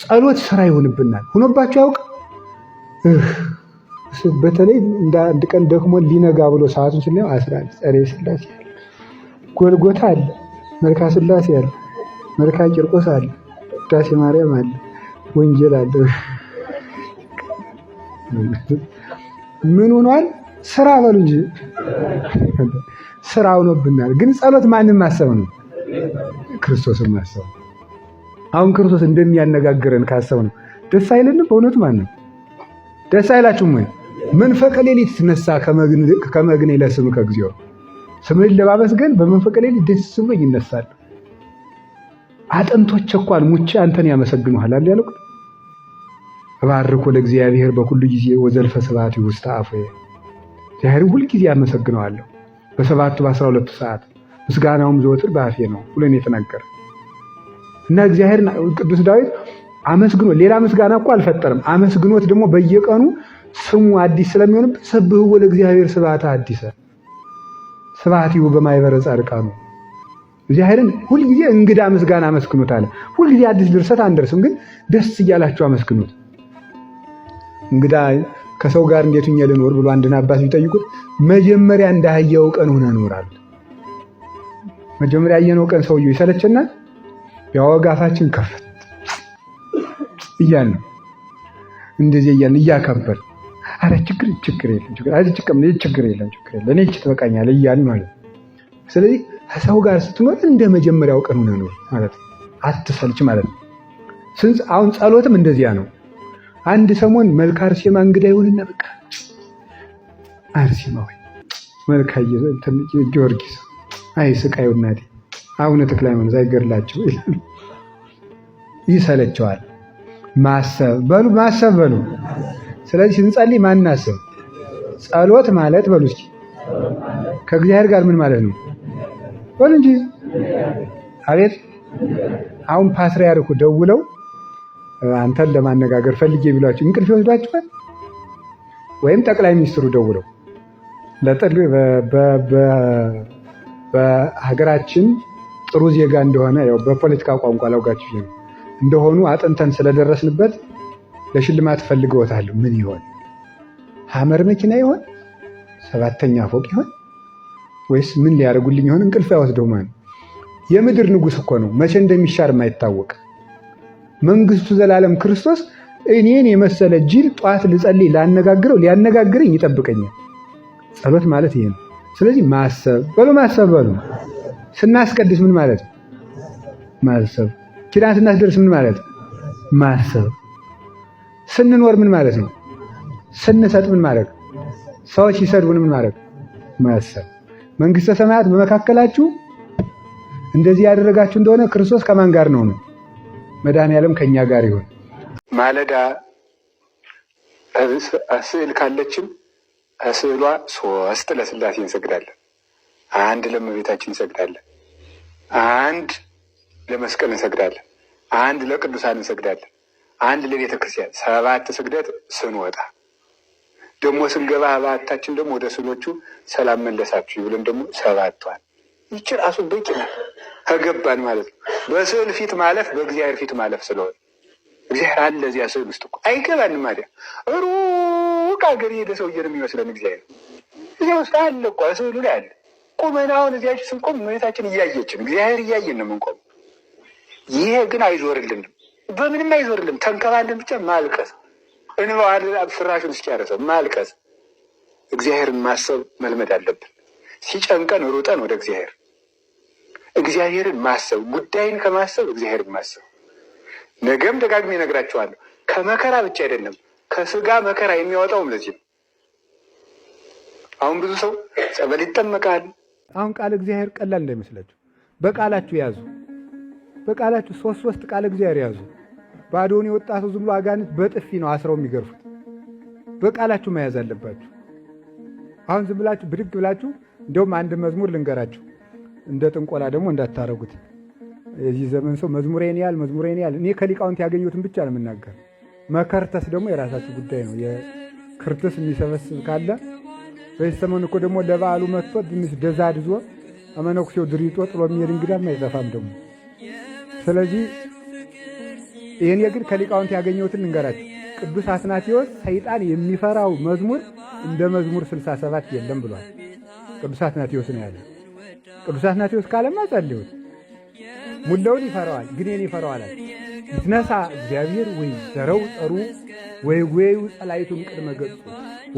ጸሎት ስራ ይሆንብናል። ሆኖባቸው ያውቅ በተለይ እንደ አንድ ቀን ደክሞ ሊነጋ ብሎ ሰዓቱን ስለ አስራ ጸሬ ስላሴ አለ፣ ጎልጎታ አለ፣ መልካ ስላሴ አለ፣ መልካ ቂርቆስ አለ፣ ቅዳሴ ማርያም አለ፣ ወንጌል አለ። ምን ሆኗል? ስራ በሉ እንጂ ስራ ሆኖብናል። ግን ጸሎት ማንም ማሰብ ነው፣ ክርስቶስን ማሰብ አሁን ክርስቶስ እንደሚያነጋግረን ካሰብ ነው ደስ አይልን? በእውነት ማነው ደስ አይላችሁም ወይ? መንፈቀ ሌሊት ትነሳ ከመግኔ ለስም ከጊዜው ስምህን ለባበስ ግን በመንፈቀ ሌሊት ደስ ብሎ ይነሳል። አጥንቶች እንኳን ሙቼ አንተን ያመሰግኑሃል አለ ያለው እባርኮ ለእግዚአብሔር በኩሉ ጊዜ ወዘልፈ ስብሐት ውስተ አፉ እግዚአብሔር ሁልጊዜ አመሰግነዋለሁ በሰባቱ በአስራ ሁለቱ ሰዓት ምስጋናውም ዘወትር በአፌ ነው ብሎ ነው የተናገረ እና እግዚአብሔር ቅዱስ ዳዊት አመስግኖ ሌላ ምስጋና እኮ አልፈጠርም። አመስግኖት ደግሞ በየቀኑ ስሙ አዲስ ስለሚሆንብን ሰብህዎ ለእግዚአብሔር ስብሐተ አዲሰ ስብሐቲሁ በማኅበረ ጻድቃኑ እግዚአብሔርን ሁልጊዜ እንግዳ ምስጋና አመስግኖት አለ። ሁልጊዜ አዲስ ድርሰት አንደርስም፣ ግን ደስ እያላችሁ አመስግኖት። እንግዳ ከሰው ጋር እንዴት ሆኜ ልኖር ብሎ አንድን አባት ቢጠይቁት መጀመሪያ እንዳህያው ቀን ሆነ ኖራል። መጀመሪያ ያየነው ቀን ሰውየው ይሰለችናል። ቢያወጋ አፋችን ከፍት እያልን እንደዚህ እያልን እያከበርን አረ ችግር ችግር የለም ችግር አይ ችግር ምን ችግር የለም ችግር የለም እኔ ትበቃኛለህ እያልን ማለት ነው። ስለዚህ ከሰው ጋር ስትኖር እንደ መጀመሪያው ቀን ነው ኖር ማለት አትሰልች ማለት ነው። ስንት አሁን ጸሎትም እንደዚያ ነው። አንድ ሰሞን መልካ አርሴማ እንግዳ ይሁንና በቃ አርሴማ ወይ መልካ ጊዮርጊስ አይ ስቃዩ እናቴ አቡነ ተክለ ሃይማኖት አይገድላቸው ይሰለቸዋል ማሰብ በሉ ማሰብ በሉ። ስለዚህ ስንጸልይ ማናሰብ ጸሎት ማለት በሉ እስኪ ከእግዚአብሔር ጋር ምን ማለት ነው በሉ እንጂ። አቤት አሁን ፓትርያርኩ ደውለው አንተን ለማነጋገር ፈልጌ ቢሏቸው እንቅልፍ ይወስዷቸዋል። ወይም ጠቅላይ ሚኒስትሩ ደውለው በሀገራችን ጥሩ ዜጋ እንደሆነ ያው በፖለቲካ ቋንቋ ላውጋችሁ እንደሆኑ አጥንተን ስለደረስንበት ለሽልማት ፈልገውታል። ምን ይሆን? ሐመር መኪና ይሆን? ሰባተኛ ፎቅ ይሆን? ወይስ ምን ሊያደርጉልኝ ይሆን? እንቅልፍ ያወስደው ማን? የምድር ንጉሥ እኮ ነው። መቼ እንደሚሻር የማይታወቅ መንግስቱ ዘላለም ክርስቶስ እኔን የመሰለ ጅል ጧት ልጸልይ ላነጋግረው ሊያነጋግረኝ ይጠብቀኛል። ጸሎት ማለት ይሄ ነው። ስለዚህ ማሰብ በሉ ማሰብ በሉ ስናስቀድስ ምን ማለት ነው? ማሰብ። ኪዳን ስናስደርስ ምን ማለት ነው? ማሰብ። ስንኖር ምን ማለት ነው? ስንሰጥ ምን ማለት ነው? ሰዎች ሲሰድቡን ምን ማለት ነው? ማሰብ። መንግስተ ሰማያት በመካከላችሁ እንደዚህ ያደረጋችሁ እንደሆነ ክርስቶስ ከማን ጋር ነው ነው? መድኃኔዓለም ከእኛ ጋር ይሆን። ማለዳ ስዕል ካለችን ስዕሏ ሶስት ለስላሴ እንሰግዳለን። አንድ ለእመቤታችን እንሰግዳለን፣ አንድ ለመስቀል እንሰግዳለን፣ አንድ ለቅዱሳን እንሰግዳለን፣ አንድ ለቤተ ክርስቲያን ሰባት ስግደት ስንወጣ ደግሞ ስንገባ አባታችን ደግሞ ወደ ስሎቹ ሰላም መለሳችሁ ይብለን ደግሞ ሰባቷል። ይቺ ራሱ በቂ ናት። ከገባን ማለት ነው። በስዕል ፊት ማለፍ በእግዚአብሔር ፊት ማለፍ ስለሆነ እግዚአብሔር አለ እዚያ ስዕል ውስጥ እኮ አይገባንም። ማዲያ ሩቅ ሀገር የሄደ ሰውዬ ነው የሚመስለን እግዚአብሔር እዚያ ውስጥ አለ እኮ ስዕሉ ላይ አለ። ቁመን አሁን እዚያች ስንቆም እመቤታችን እያየችን እግዚአብሔር እያየን ነው የምንቆም። ይሄ ግን አይዞርልንም፣ በምንም አይዞርልንም። ተንከባለን ብቻ ማልቀስ፣ እንባዋን ፍራሹን ስጨርሰው ማልቀስ። እግዚአብሔርን ማሰብ መልመድ አለብን። ሲጨንቀን ሩጠን ወደ እግዚአብሔር እግዚአብሔርን ማሰብ ጉዳይን ከማሰብ እግዚአብሔርን ማሰብ። ነገም ደጋግሜ እነግራችኋለሁ። ከመከራ ብቻ አይደለም ከስጋ መከራ የሚያወጣውም ለዚህ ነው። አሁን ብዙ ሰው ጸበል ይጠመቃል አሁን ቃል እግዚአብሔር ቀላል እንዳይመስላችሁ በቃላችሁ ያዙ። በቃላችሁ ሶስት ሶስት ቃል እግዚአብሔር ያዙ። ባዶውን የወጣ ሰው ዝም ብሎ አጋንንት በጥፊ ነው አስረው የሚገርፉት። በቃላችሁ መያዝ አለባችሁ። አሁን ዝም ብላችሁ ብድግ ብላችሁ እንደውም አንድ መዝሙር ልንገራችሁ። እንደ ጥንቆላ ደግሞ እንዳታረጉት። የዚህ ዘመን ሰው መዝሙሬን ያል መዝሙሬን ያል እኔ ከሊቃውንት ያገኘሁትን ብቻ ነው የምናገር። መከርተስ ደግሞ የራሳችሁ ጉዳይ ነው። የክርትስ የሚሰበስብ ካለ በዚህ ሰሞን እኮ ደግሞ ለበዓሉ መጥቶ ድንስ ደዛ ድዞ መነኩሴው ድሪጦ ጥሎ የሚሄድ እንግዳም አይጠፋም ደግሞ። ስለዚህ ይህን ግን ከሊቃውንት ያገኘሁትን እንገራችሁ። ቅዱስ አትናቴዎስ ሰይጣን የሚፈራው መዝሙር እንደ መዝሙር 67 የለም ብሏል። ቅዱስ አትናቴዎስ ነው ያለ። ቅዱስ አትናቴዎስ ካለማ ጸልዩት። ሙላውን ይፈራዋል፣ ግን ግኔን ይፈራዋል። ይትነሳ እግዚአብሔር ወይ ዘረው ጠሩ ወይጉዌዩ ጸላይቱም ቅድመ ገጹ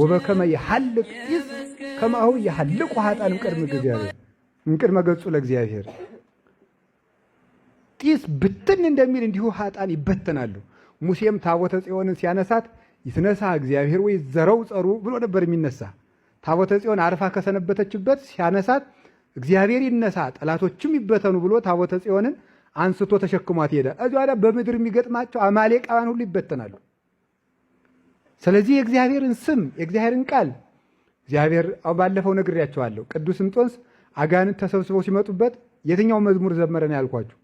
ወበከመ ይሐልቅ ጢስ ከማሁ ይሐልቁ ኃጣንም ቅድመ እግዚአብሔር እንቅድመ ገጹ ለእግዚአብሔር ጢስ ብትን እንደሚል እንዲሁ ኃጣን ይበተናሉ። ሙሴም ታቦተ ጽዮንን ሲያነሳት ይትነሳ እግዚአብሔር ወይ ዘረው ጸሩ ብሎ ነበር የሚነሳ ታቦተ ጽዮን አርፋ ከሰነበተችበት ሲያነሳት እግዚአብሔር ይነሳ ጠላቶችም ይበተኑ ብሎ ታቦተ ጽዮንን አንስቶ ተሸክሟት ይሄዳል። እዚያ በምድር የሚገጥማቸው አማሌቃውያን ሁሉ ይበተናሉ። ስለዚህ የእግዚአብሔርን ስም የእግዚአብሔርን ቃል እግዚአብሔር ባለፈው ነግሬያቸዋለሁ። ቅዱስ እንጦንስ አጋንንት ተሰብስበው ሲመጡበት የትኛው መዝሙር ዘመረ ነው ያልኳችሁ?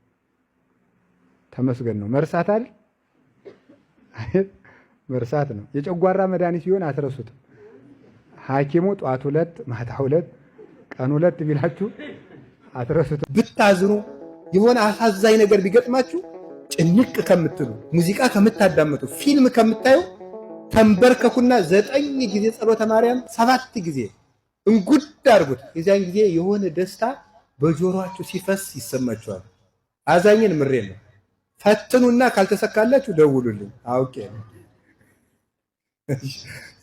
ተመስገን ነው። መርሳት አይደል? መርሳት ነው። የጨጓራ መድኃኒት ሲሆን አትረሱትም። ሐኪሙ ጠዋት ሁለት ማታ ሁለት ቀን ሁለት ቢላችሁ አትረሱትም። ብታዝኑ የሆነ አሳዛኝ ነገር ቢገጥማችሁ ጭንቅ ከምትሉ ሙዚቃ ከምታዳምጡ ፊልም ከምታዩ ተንበርከኩና ዘጠኝ ጊዜ ጸሎተ ማርያም ሰባት ጊዜ እንጉድ አድርጉት። የዚያን ጊዜ የሆነ ደስታ በጆሮአችሁ ሲፈስ ይሰማችኋል። አዛኝን ምሬ ነው። ፈትኑና ካልተሰካላችሁ ደውሉልኝ። አውቄ ነው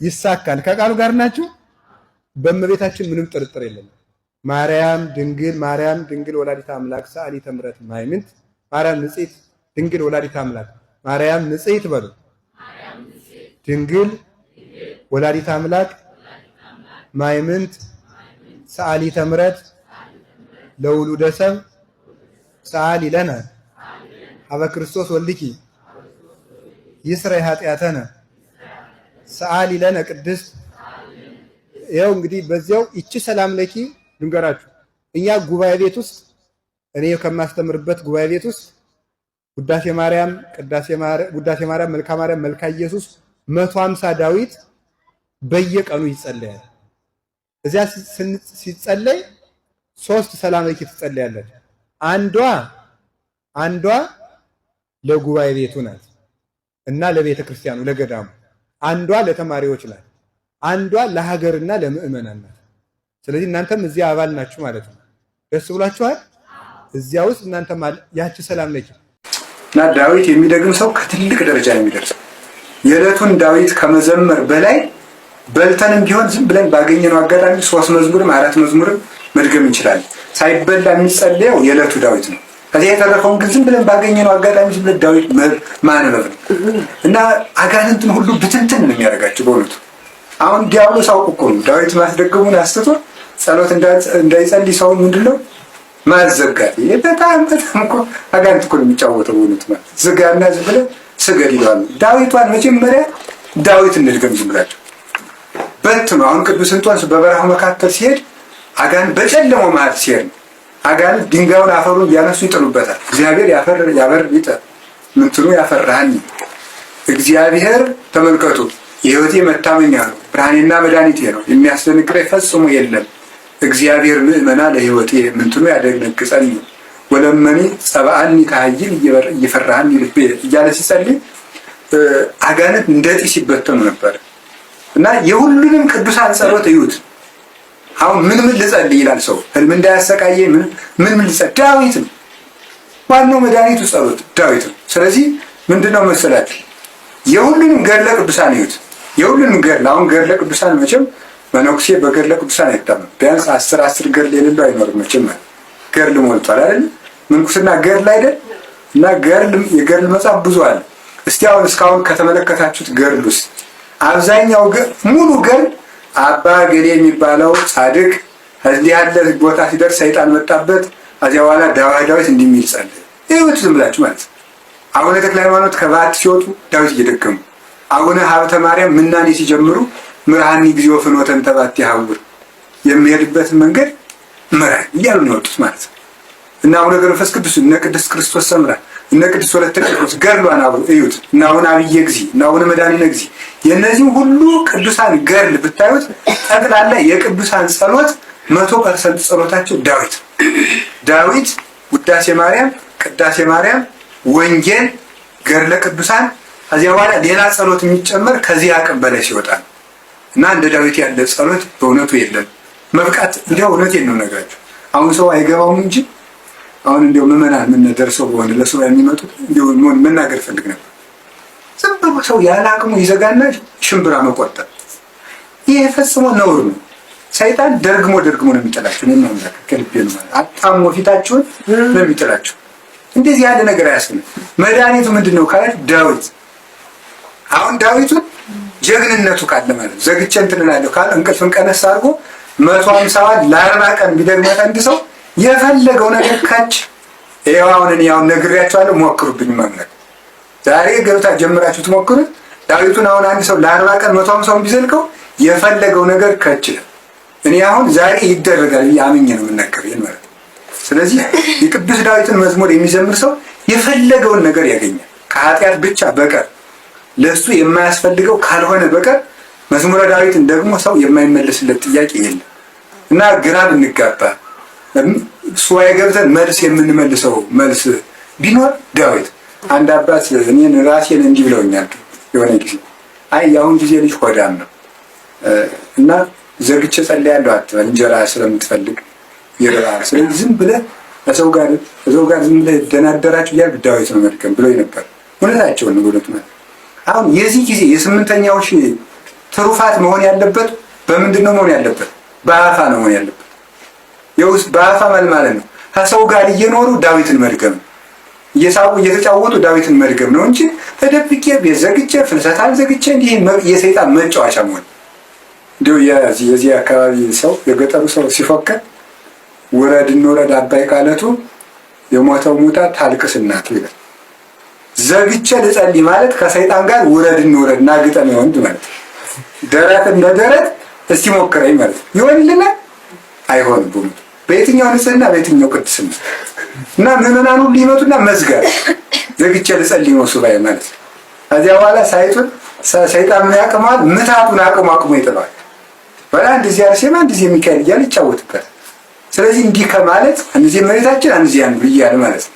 ይሳካል። ከቃሉ ጋር ናችሁ። በእመቤታችን ምንም ጥርጥር የለም። ማርያም ድንግል ማርያም ድንግል ወላዲት አምላክ ሰአሊተ ምሕረት ማይምንት ማርያም ንጽሕት ድንግል ወላዲት አምላክ ማርያም ንጽሕት በሉት። ድንግል ወላዲት አምላክ ማይምንት ሰአሊ ተምረት ለውሉደ ሰብ ሰአሊ ለነ አበ ክርስቶስ ወልድኪ ይስረይ ኃጢአተነ ሰአሊ ለነ ቅድስት። ይኸው እንግዲህ በዚያው ይቺ ሰላም ለኪ ልንገራችሁ። እኛ ጉባኤ ቤት ውስጥ እኔ ከማስተምርበት ጉባኤ ቤት ውስጥ ውዳሴ ማርያም፣ ቅዳሴ ማርያም፣ ውዳሴ ማርያም፣ መልካ ማርያም፣ መልካ ኢየሱስ መቶ ሀምሳ ዳዊት በየቀኑ ይጸለያል። እዚያ ሲጸለይ ሶስት ሰላም ኪ ትጸለያለች። አንዷ አንዷ ለጉባኤ ቤቱ ናት እና ለቤተ ክርስቲያኑ ለገዳሙ፣ አንዷ ለተማሪዎች ናት፣ አንዷ ለሀገርና ለምእመናን ናት። ስለዚህ እናንተም እዚያ አባል ናችሁ ማለት ነው። ደስ ብሏችኋል። እዚያ ውስጥ እናንተም ያቺ ሰላም ነች እና ዳዊት የሚደግም ሰው ከትልቅ ደረጃ የሚደርሰው የዕለቱን ዳዊት ከመዘመር በላይ በልተንም ቢሆን ዝም ብለን ባገኘነው አጋጣሚ ሶስት መዝሙርም አራት መዝሙርም መድገም እንችላለን። ሳይበላ የሚጸለየው የዕለቱ ዳዊት ነው። ከዚህ የተረፈውን ግን ዝም ብለን ባገኘነው አጋጣሚ ዝም ብለን ዳዊት ማንበብ ነው እና አጋንንትን ሁሉ ብትንትን ነው የሚያደርጋቸው። በእውነቱ አሁን ዲያብሎስ አውቁ እኮ ነው ዳዊት ማስደገሙን አስትቶ ጸሎት እንዳይጸልይ ሰውን ምንድነው ማዘጋት። በጣም በጣም እኮ አጋንንት እኮ ነው የሚጫወተው በእውነቱ ማለት ዝጋና ዝም ብለን ስገድ ይላሉ። ዳዊቷን መጀመሪያ ዳዊት እንድልገም ዝምላቸው በትኑ። አሁን ቅዱስ እንጦንስ በበረሃው መካከል ሲሄድ አጋን በጨለማው መሀል ሲሄድ አጋን ድንጋዩን አፈሩን እያነሱ ይጥሉበታል። እግዚአብሔር ያፈር ያበር ይጠ ምንትኑ ያፈራሃኝ እግዚአብሔር ተመልከቱ፣ የህይወቴ መታመኛ ነው፣ ብርሃኔና መድኃኒቴ ነው፣ የሚያስደነግጠኝ ፈጽሞ የለም። እግዚአብሔር ምእመና ለህይወቴ ምንትኑ ያደነግጸኒ ወለመኔ ጸባአኒ ከሀይል እየፈራሃኒ ልቤ እያለ ሲጸልይ አጋንንት እንደ ጢስ ይበተኑ ነበር እና የሁሉንም ቅዱሳን ጸሎት እዩት። አሁን ምን ምን ልጸልይ ይላል ሰው ህልም እንዳያሰቃየ ምን ምን ልጸልይ? ዳዊት ነው ዋናው መድኃኒቱ ጸሎት ዳዊት ነው። ስለዚህ ምንድነው መሰላት የሁሉንም ገድለ ቅዱሳን እዩት። የሁሉንም ገድል አሁን ገድለ ቅዱሳን መቼም መነኩሴ በገድለ ቅዱሳን አይታመም። ቢያንስ አስር አስር ገድል የሌለው አይኖርም መቼም ማለት ገርል ሞልቷል አይደል? ምንኩስና ገርል አይደል? እና ገርል የገርል መጽሐፍ ብዙ አለ። እስቲ አሁን እስካሁን ከተመለከታችሁት ገርል ውስጥ አብዛኛው ሙሉ ገርል አባ ገሌ የሚባለው ጻድቅ እዚህ ያለ ቦታ ሲደርስ ሰይጣን መጣበት። ከዚያ በኋላ ዳዊት ዳዊት እንዲህ የሚል ጸለ ይሁት ዝም ብላችሁ ማለት አቡነ ተክለ ሃይማኖት ከባት ሲወጡ ዳዊት እየደገሙ አቡነ ሀብተ ማርያም ምናኔ ሲጀምሩ ምርሃኒ ጊዜ ወፍኖተን ተባት ያህውር የሚሄድበትን መንገድ ምራን እያሉ ነው የወጡት ማለት ነው። እና አቡነ ገብረ መንፈስ ቅዱስ እነ ቅድስት ክርስቶስ ሰምራ እነ ቅዱስ ወለተ ቅዱስ ገድሏን አብሩ እዩት። እና አቡነ አብየ እግዚ እና አቡነ መድኃኒነ እግዚ የእነዚህ ሁሉ ቅዱሳን ገድል ብታዩት ጠቅላላ የቅዱሳን ጸሎት መቶ ፐርሰንት ጸሎታቸው ዳዊት ዳዊት፣ ውዳሴ ማርያም፣ ቅዳሴ ማርያም፣ ወንጌል፣ ገድለ ቅዱሳን ከዚያ በኋላ ሌላ ጸሎት የሚጨመር ከዚህ አቅም በላይ ሲወጣ እና እንደ ዳዊት ያለ ጸሎት በእውነቱ የለም። መብቃት እንዲያው እውነቴን ነው ነግራችሁ። አሁን ሰው አይገባውም እንጂ አሁን እንዲያው ምዕመናን ምን ደርሰው በሆነ ለስራ የሚመጡት እንዲያው መናገር ፈልግ ነበር። ዝም ብሎ ሰው ያለ አቅሙ ይዘጋና ሽምብራ መቆጠር ይሄ ፈጽሞ ነውር ነው። ሰይጣን ደርግሞ ደርግሞ ነው የሚጠላቸው። ምን ማለት ከልቤ ነው ማለት አጣሞ ፊታችሁን ነው የሚጠላቸው። እንደዚህ ያለ ነገር አያስፈልግም። መድኃኒቱ ምንድን ነው ካለ ዳዊት አሁን ዳዊቱን ጀግንነቱ ካለ ማለት ዘግቼ እንትን እላለሁ ካለ እንቅልፍን ቀነስ አድርጎ መቶ ሀምሳ ዋት ለአርባ ቀን ቢደግመት አንድ ሰው የፈለገው ነገር ካች ይኸው አሁን እኔ አሁን ነግሬያቸዋለሁ። ሞክሩብኝ መምነት ዛሬ ገብታ ጀምራችሁ ትሞክሩት ዳዊቱን አሁን አንድ ሰው ለአርባ ቀን መቶ ሀምሳውን ቢዘልቀው የፈለገው ነገር ከች እኔ አሁን ዛሬ ይደረጋል አምኜ ነው የምናገር ማለት ስለዚህ የቅዱስ ዳዊትን መዝሙር የሚዘምር ሰው የፈለገውን ነገር ያገኛል ከኃጢአት ብቻ በቀር ለእሱ የማያስፈልገው ካልሆነ በቀር መዝሙረ ዳዊትን ደግሞ ሰው የማይመለስለት ጥያቄ የለም እና ግራ ብንጋባ ሱባኤ ገብተን መልስ የምንመልሰው መልስ ቢኖር ዳዊት። አንድ አባት እኔን ራሴን እንዲህ ብለውኛል የሆነ ጊዜ አይ የአሁን ጊዜ ልጅ ሆዳም ነው እና ዘግቼ ጸልያለሁ አትበል፣ እንጀራ ስለምትፈልግ ይርባል። ስለዚህ ዝም ብለህ ከሰው ጋር ከሰው ጋር ዝም ብለህ ደናደራችሁ እያልክ ዳዊት ነው መድገም ብሎ ነበር። እውነታቸውን ነው። እውነት ማለት አሁን የዚህ ጊዜ የስምንተኛው ሺህ ትሩፋት መሆን ያለበት በምንድን ነው መሆን ያለበት? በአፋ ነው መሆን ያለበት። የውስጥ በአፋ ማለት ነው ከሰው ጋር እየኖሩ ዳዊትን መድገም እየሳቁ እየተጫወቱ ዳዊትን መድገም ነው እንጂ ተደብቄ ቤት ዘግቼ ፍልሰታን ዘግቼ እንዲህ የሰይጣን መጫወቻ መሆን እንዲሁ የዚህ አካባቢ ሰው የገጠሩ ሰው ሲፎክር ውረድ እንውረድ አባይ ቃለቱ የሞተው ሙታ ታልቅስ እናቱ ይላል። ዘግቼ ልጸልይ ማለት ከሰይጣን ጋር ውረድ እንውረድ እናግጠም ይሆንድ ማለት ነው። ደረት እንደ ደረት እስቲ ሞክረኝ ማለት ነው። አይሆን ቡም በየትኛው ንጽህና፣ በየትኛው ቅድስና እና ምዕመናን ሁሉ ይመጡና መዝጋት ዘግቼ ልጸልይ ነው ሱባኤ ማለት ነው። ከዚያ በኋላ ሳይጡን ሰይጣን ያቅመዋል፣ ምታቱን አቅሙ አቅሙ ይጥለዋል። በላ እንደዚህ አርሴማ እንደዚህ የሚካኤል እያለ ይጫወትበታል። ስለዚህ እንዲህ ከማለት አንዚህ መሬታችን አንዚህ አንዱ እያለ ማለት ነው።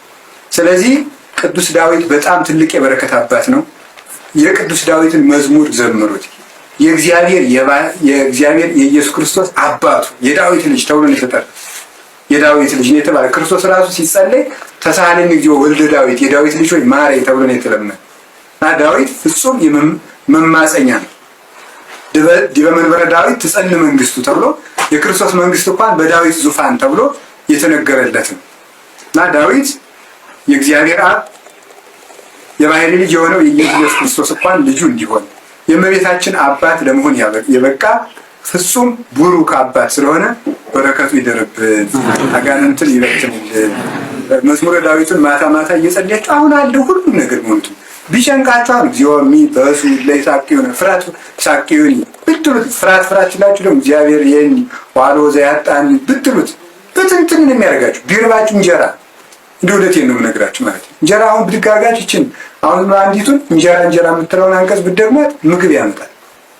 ስለዚህ ቅዱስ ዳዊት በጣም ትልቅ የበረከት አባት ነው። የቅዱስ ዳዊትን መዝሙር ዘምሩት። የእግዚአብሔር የእግዚአብሔር የኢየሱስ ክርስቶስ አባቱ የዳዊት ልጅ ተብሎ ነው የዳዊት ልጅ ነው የተባለ ክርስቶስ ራሱ ሲጸለይ ተሳሃለኝ እግዚኦ ወልደ ዳዊት የዳዊት ልጅ ሆይ ማረኝ ተብሎ ነው የተለመነ እና ዳዊት ፍጹም መማፀኛ ነው። ዲበ መንበረ ዳዊት ትጸን መንግስቱ ተብሎ የክርስቶስ መንግስት እንኳን በዳዊት ዙፋን ተብሎ የተነገረለት ነው እና ዳዊት የእግዚአብሔር አብ የባህሪ ልጅ የሆነው የኢየሱስ ክርስቶስ እንኳን ልጁ እንዲሆን የእመቤታችን አባት ለመሆን የበቃ ፍጹም ቡሩክ አባት ስለሆነ በረከቱ ይደርብን፣ አጋንንትን ይበትንልን። መዝሙረ ዳዊቱን ማታ ማታ እየጸለያችሁ አሁን አለ ሁሉም ነገር መሆኑቱ ቢጨንቃችሁ አሉ በሱ ላይ ሳቅ ሆነ ፍራት ሳቅ ሆኒ ብትሉት ፍራት ፍራት ችላችሁ ደግሞ እግዚአብሔር ይህን ዋሎ ዘያጣን ብትሉት በትንትን የሚያደርጋችሁ ቢርባችሁ እንጀራ እንደ ውደቴ ነው የምነግራችሁ ማለት ነው። እንጀራ አሁን ብድጋጋችሁ ይችን አሁን አንዲቱን እንጀራ እንጀራ የምትለውን አንቀጽ ብትደግማት ምግብ ያመጣል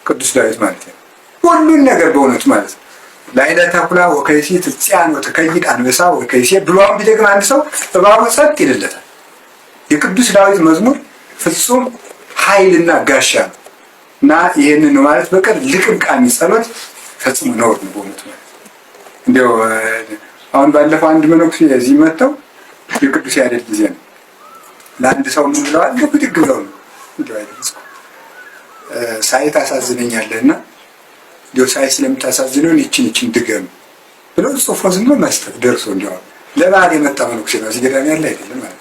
ቅዱስ ዳዊት ማለት ነው። ሁሉን ነገር በእውነት ማለት ነው። ላይለ ተኩላ ወከይሲ ትጽያን ወተከይድ አንበሳ ወከይሲ ብሏን ቢደግም አንድ ሰው እባቡ ጸጥ ይልለታል። የቅዱስ ዳዊት መዝሙር ፍጹም ኃይልና ጋሻ ነው እና ይህንን ማለት በቀር ልቅም ቃሚ ጸሎት ፈጽሞ ነውር ነው በእውነት ማለት እንዲያው አሁን ባለፈው አንድ መነኩሴ እዚህ መጥተው የቅዱስ ያደል ጊዜ ነው ለአንድ ሰው ምን ብለዋል? ብድግ ብለው ነው ሳይ ታሳዝነኛለህ እና እንዲያው ሳይ ስለምታሳዝነውን ይችን ይችን ድገም ብለው ጽፎ ዝም መስጠት ደርሶ እንዲ ለበዓል የመጣ መነኩሴ ነው። እዚህ ያለ አይደለም ማለት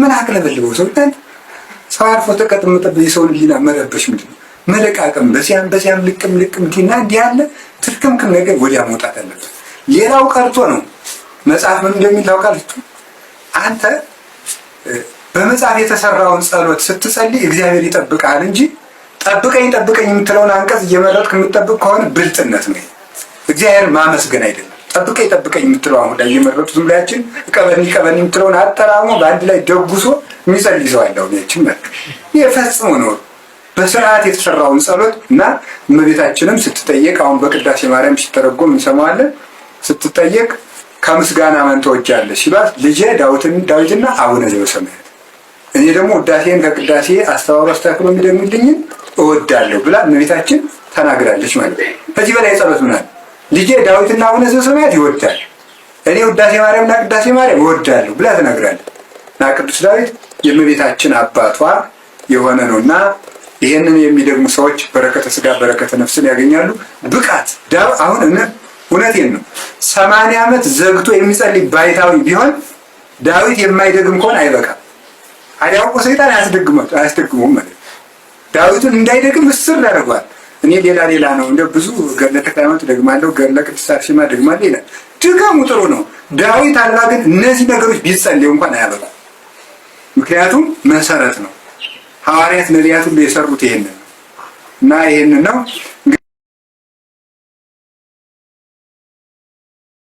ምን አቅለበልበው ሰው ይታል ሰው አርፎ ተቀጥመጠበት የሰውን ህሊና መረበሽ ምንድን ነው? መለቃቅም በዚያም በዚያም ልቅም ልቅም ዲና እንዲህ ያለ ትርክምክም ነገር ወዲያ መውጣት አለበት። ሌላው ቀርቶ ነው መጽሐፍ ምን እንደሚል ታውቃለች አንተ በመጽሐፍ የተሰራውን ጸሎት ስትጸልይ እግዚአብሔር ይጠብቃል እንጂ ጠብቀኝ ጠብቀኝ የምትለውን አንቀጽ እየመረጥክ የምትጠብቅ ከሆነ ብልጥነት ነው። እግዚአብሔር ማመስገን አይደለም። ጠብቀኝ ጠብቀኝ የምትለው አሁን ላይ እየመረጡ ዝም ብላችን ቀበኒ ቀበኒ የምትለውን አጠራሞ በአንድ ላይ ደጉሶ የሚጸልይ ሰው አለው። ችን መ ይህ ፈጽሞ ነው። በስርዓት የተሰራውን ጸሎት እና እመቤታችንም ስትጠየቅ አሁን በቅዳሴ ማርያም ሲተረጎም እንሰማዋለን። ስትጠየቅ ከምስጋና መንተወጃለ ሲባት ልጄ ዳዊትና አቡነ ዘበሰማያት እኔ ደግሞ ውዳሴን ከቅዳሴ አስተዋሮ አስተካክሎ የሚደምልኝን እወዳለሁ ብላ እመቤታችን ተናግራለች ማለት ከዚህ በላይ ጸሎት ምናል ልጄ ዳዊትና አቡነ ዘበሰማያት ይወዳል እኔ ውዳሴ ማርያምና ቅዳሴ ማርያም እወዳለሁ ብላ ተናግራለች እና ቅዱስ ዳዊት የእመቤታችን አባቷ የሆነ ነው እና ይህንን የሚደግሙ ሰዎች በረከተ ስጋ በረከተ ነፍስን ያገኛሉ። ብቃት አሁን እውነቴን ነው። ሰማንያ ዓመት ዘግቶ የሚጸልይ ባይታዊ ቢሆን ዳዊት የማይደግም ከሆን አይበቃም። አዲያ እኮ ሰይጣን አያስደግመውም ማለት ዳዊቱን እንዳይደግም እስር ያደርገዋል። እኔ ሌላ ሌላ ነው እንደ ብዙ ገድለ ተክለ ሃይማኖት ደግማለሁ፣ ገድለ ቅድስት አርሴማ ደግማለሁ ይላል። ድጋሙ ጥሩ ነው። ዳዊት አልባ ግን እነዚህ ነገሮች ቢጸልዩ እንኳን አያበቃም። ምክንያቱም መሰረት ነው። ሐዋርያት ነቢያት ሁሉ የሰሩት ይሄንን ነው እና ይሄንን ነው